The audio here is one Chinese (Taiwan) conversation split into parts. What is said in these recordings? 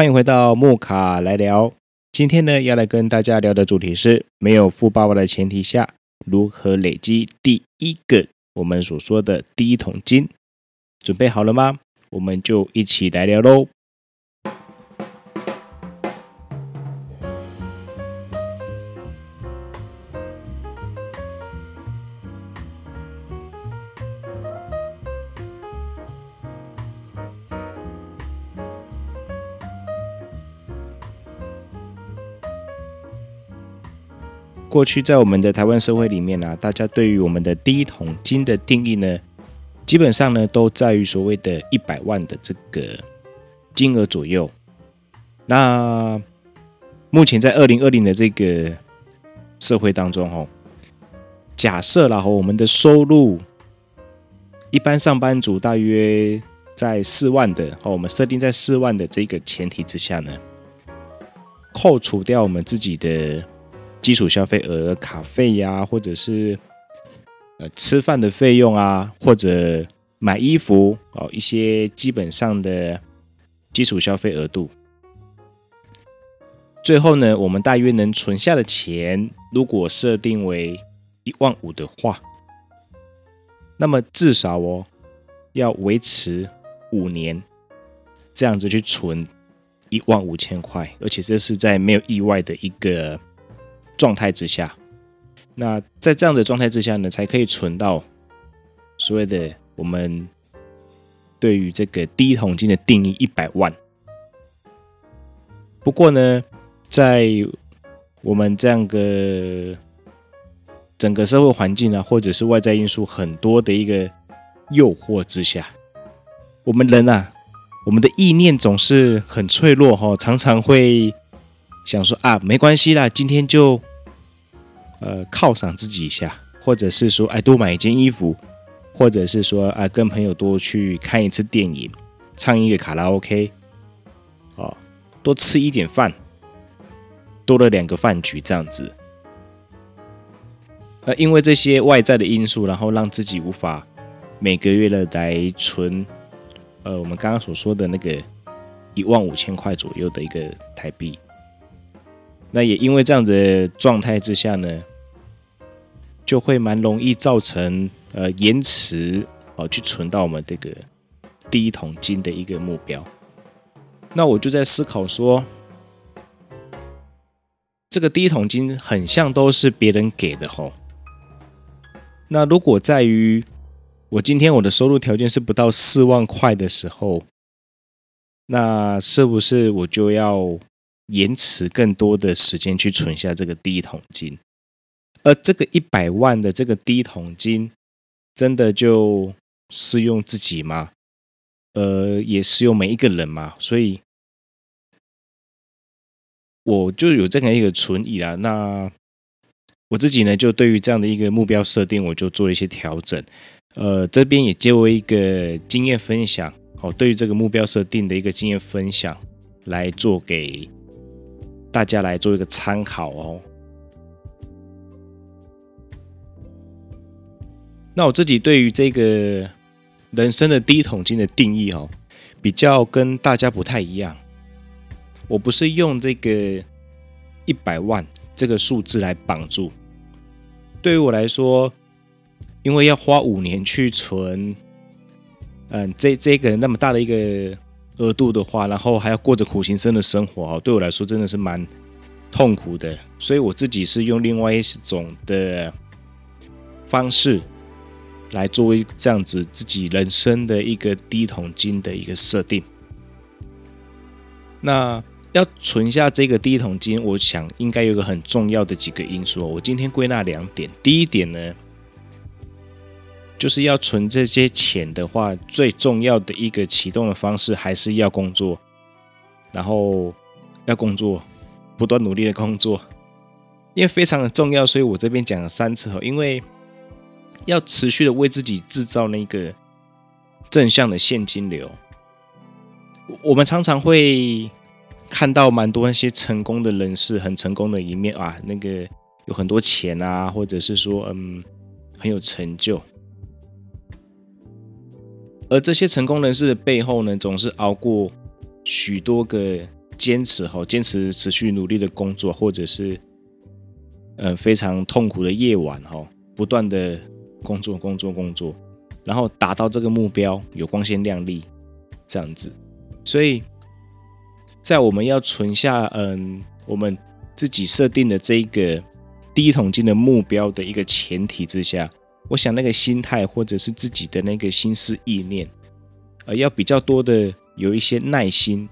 歡迎回到木卡來聊，今天呢要來跟大家聊的主題是沒有富爸爸的前提下，如何累積第一個我們所說的第一桶金？準備好了嗎？我們就一起來聊嘍。過去在我們的台灣社會裡面呢，啊，大家對於我們的第一桶金的定義呢，基本上呢都在於所謂的一百萬的這個金額左右。那目前在二零二零的這個社會當中，哦，假設然後我們的收入，一般上班族大約在四萬的，哦，我們設定在四萬的這個前提之下呢，扣除掉我們自己的。基礎消費額、卡費呀，或者是呃吃飯的費用啊，或者買衣服哦，一些基本上的基礎消費額度。最後呢，我們大約能存下的錢，如果設定為一萬五的話，那麼至少哦要維持五年，這樣子去存一萬五千塊，而且這是在沒有意外的一個。狀態之下，那在這樣的狀態之下呢，才可以存到所謂的我們對於這個第一桶金的定義一百萬。不過呢，在我們這樣個整個社會環境啊，或者是外在因素很多的一個誘惑之下，我們人啊，我們的意念總是很脆弱哈，常常會想說啊，沒關係啦，今天就。呃，犒賞自己一下，或者是說，哎，多買一件衣服，或者是說，哎、啊，跟朋友多去看一次電影，唱一個卡拉 OK，哦，多吃一點飯，多了兩個飯局這樣子。呃，因為這些外在的因素，然後讓自己無法每個月了來存，呃，我們剛剛所說的那個一萬五千塊左右的一個台幣。那也因為這樣的狀態之下呢，就會蠻容易造成呃延遲哦，去存到我們這個第一桶金的一個目標。那我就在思考說，這個第一桶金很像都是別人給的吼。那如果在於我今天我的收入條件是不到四萬塊的時候，那是不是我就要？延遲更多的時間去存下這個第一桶金，而這個一百萬的這個第一桶金，真的就適用自己嗎？呃，也適用每一個人嘛。所以，我就有這樣一個存疑啦、啊。那我自己呢，就對於這樣的一個目標設定，我就做了一些調整。呃，這邊也借為一個經驗分享，好，對於這個目標設定的一個經驗分享來做給。大家來做一個參考哦。那我自己對於這個人生的第一桶金的定義哦，比較跟大家不太一樣。我不是用這個一百萬這個數字來綁住。對於我來說，因為要花五年去存，嗯，這這個那麼大的一個。額度的話，然後還要過着苦行僧的生活哦，對我來說真的是蠻痛苦的。所以我自己是用另外一種的方式，來作為這樣子自己人生的一個第一桶金的一個設定。那要存下這個第一桶金，我想應該有個很重要的幾個因素。我今天歸納兩點，第一點呢，就是要存這些錢的話，最重要的一個啟動的方式，還是要工作，然後要工作，不斷努力的工作，因為非常的重要，所以我這邊講了三次哦。因為要持續的為自己製造那個正向的現金流。我們常常會看到蠻多那些成功的人士，很成功的一面啊，那個有很多錢啊，或者是說，嗯，很有成就。而這些成功人士的背後呢，總是熬過許多個堅持哈，堅持持續努力的工作，或者是，嗯、呃，非常痛苦的夜晚哈，不斷的工作工作工作，然後達到這個目標，有光鮮亮麗這樣子。所以在我們要存下嗯、呃，我們自己設定的這一個第一桶金的目標的一個前提之下。我想，那個心態或者是自己的那個心思意念，呃，要比較多的有一些耐心，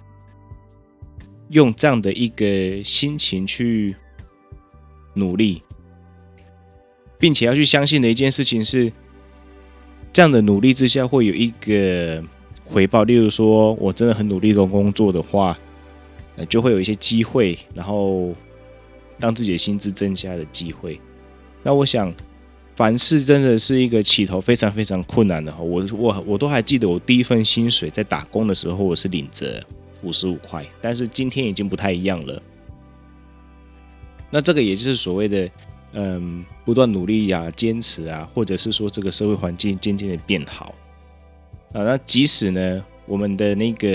用這樣的一個心情去努力，並且要去相信的一件事情是，這樣的努力之下會有一個回報。例如說，我真的很努力的工作的話，呃，就會有一些機會，然後讓自己的薪資增加的機會。那我想。凡事真的是一個起頭非常非常困難的哈，我我我都還記得我第一份薪水在打工的時候，我是領着五十五塊，但是今天已經不太一樣了。那這個也就是所謂的，嗯，不斷努力呀、啊，堅持啊，或者是說這個社會環境漸漸的變好啊。那即使呢，我們的那個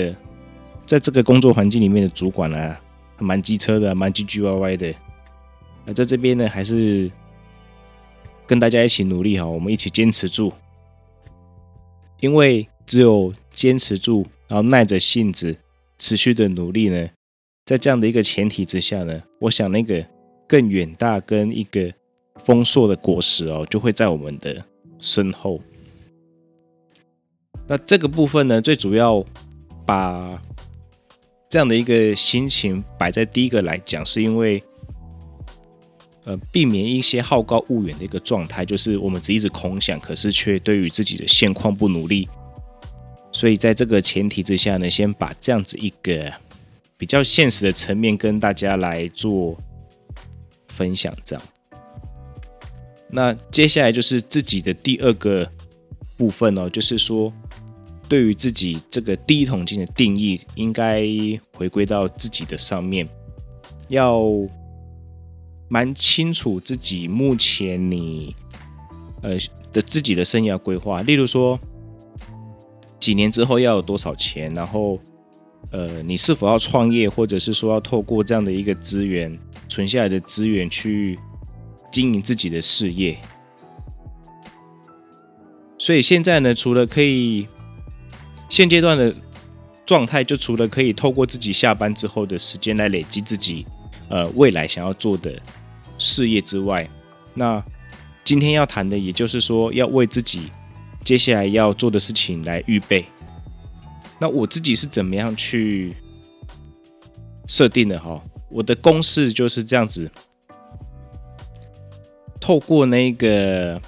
在這個工作環境裡面的主管呢、啊，蠻機車的、啊，蠻 GGYY 的，在這邊呢還是。跟大家一起努力哈，我們一起堅持住，因為只有堅持住，然後耐着性子，持續的努力呢，在這樣的一個前提之下呢，我想那個更遠大跟一個豐碩的果實哦，就會在我們的身後。那這個部分呢，最主要把這樣的一個心情擺在第一個來講，是因為。呃，避免一些好高騖遠的一個狀態，就是我們只一直空想，可是卻對於自己的現況不努力。所以在這個前提之下呢，先把這樣子一個比較現實的層面跟大家來做分享，這樣。那接下來就是自己的第二個部分哦，就是說對於自己這個第一桶金的定義，應該回歸到自己的上面，要。蠻清楚自己目前你呃的自己的生涯規劃，例如說幾年之後要有多少錢，然後呃你是否要創業，或者是說要透過這樣的一個資源存下來的資源去經營自己的事業。所以現在呢，除了可以現階段的狀態，就除了可以透過自己下班之後的時間來累積自己呃未來想要做的。事業之外，那今天要談的，也就是說，要為自己接下來要做的事情來預備。那我自己是怎麼樣去設定的？哈，我的公式就是這樣子：透過那個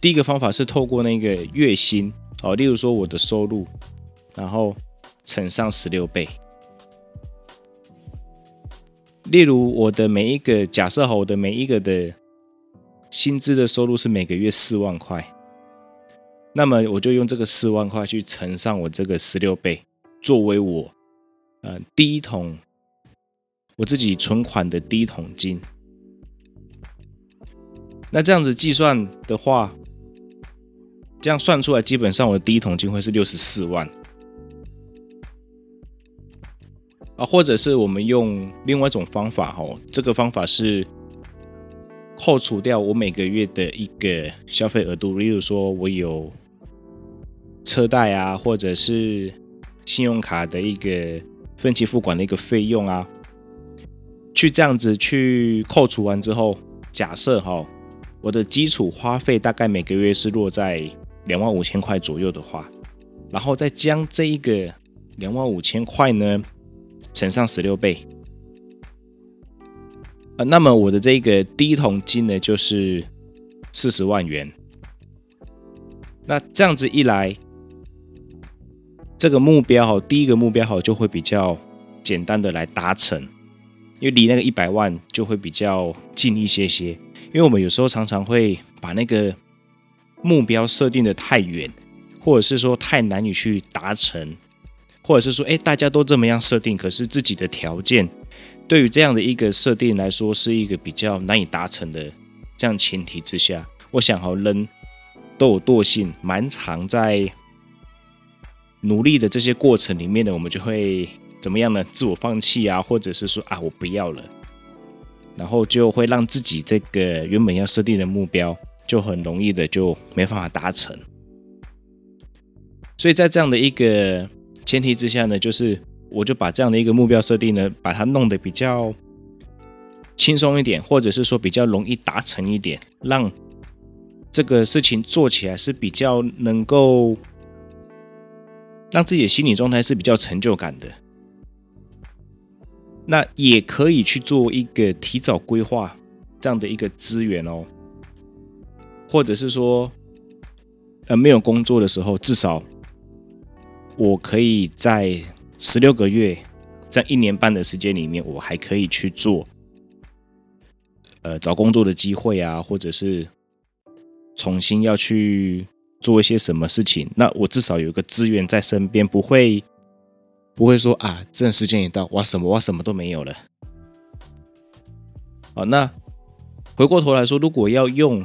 第一個方法是透過那個月薪哦，例如說我的收入，然後乘上十六倍。例如，我的每一個假設好，我的每一個的薪資的收入是每個月四萬塊，那麼我就用這個四萬塊去乘上我這個十六倍，作為我，嗯，第一桶我自己存款的第一桶金。那這樣子計算的話，這樣算出來，基本上我的第一桶金會是六十四萬。啊，或者是我們用另外一種方法，吼，這個方法是扣除掉我每個月的一個消費額度，例如說我有車貸啊，或者是信用卡的一個分期付款的一個費用啊，去這樣子去扣除完之後，假設哈，我的基礎花費大概每個月是落在兩萬五千塊左右的話，然後再將這一個兩萬五千塊呢。乘上十六倍，那麼我的這個第一桶金呢，就是四十萬元。那這樣子一來，這個目標哈，第一個目標好就會比較簡單的來達成，因為離那個一百萬就會比較近一些些。因為我們有時候常常會把那個目標設定的太遠，或者是說太難以去達成。或者是說，哎、欸，大家都這麼樣設定，可是自己的條件對於這樣的一個設定來說，是一個比較難以達成的。這樣前提之下，我想好像人都有惰性，蠻常在努力的這些過程裡面呢，我們就會怎麼樣呢？自我放棄啊，或者是說啊，我不要了，然後就會讓自己這個原本要設定的目標，就很容易的就沒辦法達成。所以在這樣的一個。前提之下呢，就是我就把這樣的一個目標設定呢，把它弄得比較輕鬆一點，或者是說比較容易達成一點，讓這個事情做起來是比較能夠讓自己的心理狀態是比較成就感的。那也可以去做一個提早規劃這樣的一個資源哦，或者是說，呃，沒有工作的時候，至少。我可以在十六個月，在一年半的時間裡面，我還可以去做，呃，找工作的機會啊，或者是重新要去做一些什麼事情。那我至少有一個資源在身邊，不會不會說啊，這時間一到，我什麼我什麼都沒有了。好，那回過頭來說，如果要用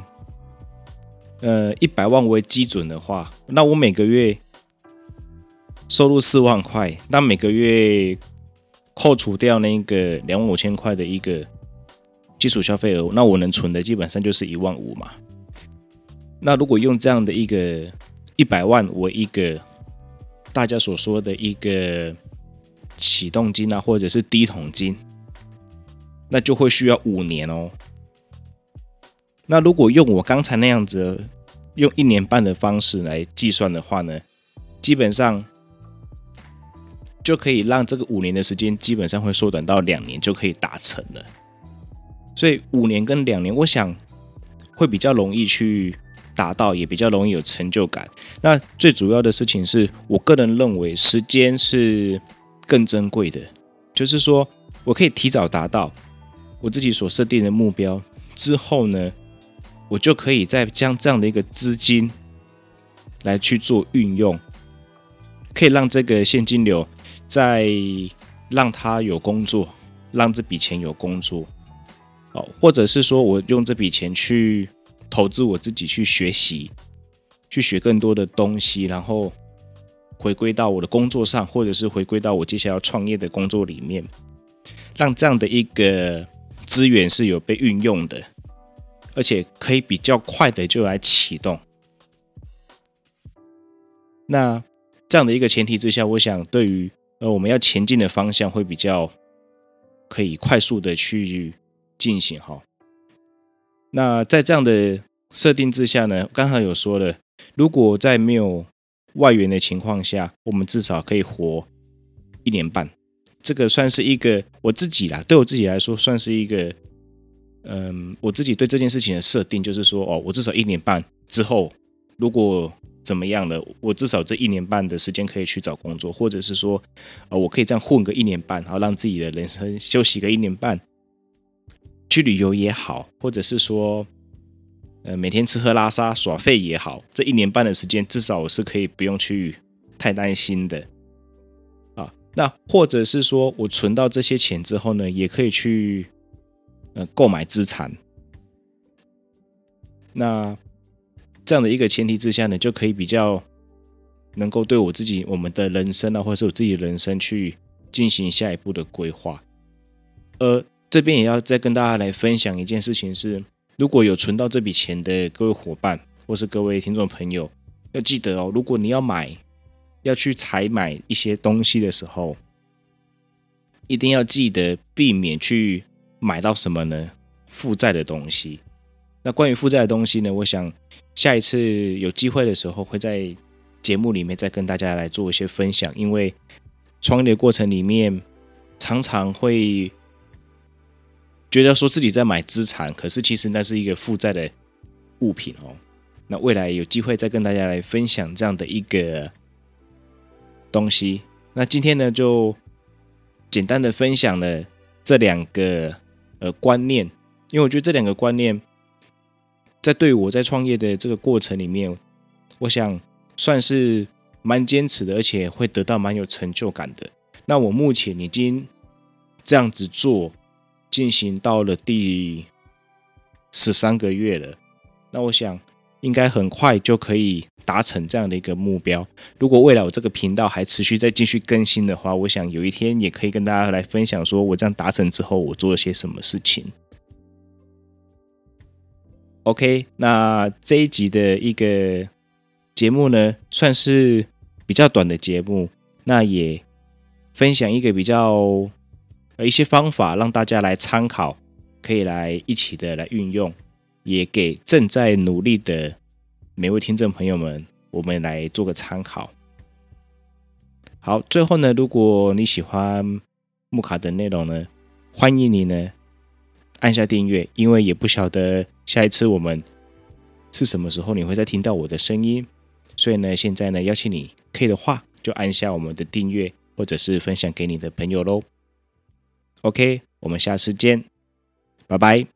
呃一百萬為基準的話，那我每個月。收入四萬塊，那每個月扣除掉那個兩萬五千塊的一個基礎消費額，那我能存的基本上就是一萬五嘛。那如果用這樣的一個一百萬為一個大家所說的一個啟動金啊，或者是第一桶金，那就會需要五年哦。那如果用我剛才那樣子用一年半的方式來計算的話呢，基本上。就可以讓這個五年的時間基本上會縮短到兩年就可以達成了，所以五年跟兩年，我想會比較容易去達到，也比較容易有成就感。那最主要的事情是我個人認為時間是更珍貴的，就是說我可以提早達到我自己所設定的目標之後呢，我就可以再將這樣的一個資金來去做運用，可以讓這個現金流，在讓他有工作，讓這筆錢有工作，哦，或者是說我用這筆錢去投資我自己，去學習，去學更多的東西，然後回歸到我的工作上，或者是回歸到我接下來要創業的工作裡面，讓這樣的一個資源是有被運用的，而且可以比較快的就來啟動。那這樣的一個前提之下，我想對於。呃，我們要前進的方向會比較可以快速的去進行哈。那在這樣的設定之下呢，剛好有說了，如果在沒有外援的情況下，我們至少可以活一年半。這個算是一個我自己啦，對我自己來說算是一個，嗯，我自己對這件事情的設定就是說，哦，我至少一年半之後，如果怎麼樣的？我至少這一年半的時間可以去找工作，或者是說，呃，我可以這樣混個一年半，然後讓自己的人生休息個一年半，去旅遊也好，或者是說，呃，每天吃喝拉撒耍廢也好，這一年半的時間至少我是可以不用去太擔心的，啊，那或者是說我存到這些錢之後呢，也可以去呃購買資產，那。這樣的一個前提之下呢，就可以比較能夠對我自己，我們的人生啊，或者是我自己的人生去進行下一步的規劃。而，這邊也要再跟大家來分享一件事情是：如果有存到這筆錢的各位夥伴，或是各位聽眾朋友，要記得哦，如果你要買，要去採買一些東西的時候，一定要記得避免去買到什麼呢？負債的東西。那關於負債的東西呢，我想。下一次有機會的時候，會在節目裡面再跟大家來做一些分享。因為創業的過程裡面常常會覺得說自己在買資產，可是其實那是一個負債的物品哦、喔。那未來有機會再跟大家來分享這樣的一個東西。那今天呢，就簡單的分享了這兩個呃觀念，因為我覺得這兩個觀念。在對我在創業的這個過程裡面，我想算是蠻堅持的，而且會得到蠻有成就感的。那我目前已經這樣子做，進行到了第十三個月了。那我想應該很快就可以達成這樣的一個目標。如果未來我這個頻道還持續再繼續更新的話，我想有一天也可以跟大家來分享，說我這樣達成之後，我做了些什麼事情。OK，那這一集的一個節目呢，算是比較短的節目，那也分享一個比較呃一些方法，讓大家來參考，可以來一起的來運用，也給正在努力的每位聽眾朋友們，我們來做個參考。好，最後呢，如果你喜歡木卡的內容呢，歡迎你呢。按下訂閱，因為也不曉得下一次我們是什麼時候你會再聽到我的聲音，所以呢，現在呢，邀請你可以的話就按下我們的訂閱，或者是分享給你的朋友嘍。OK，我們下次見，拜拜。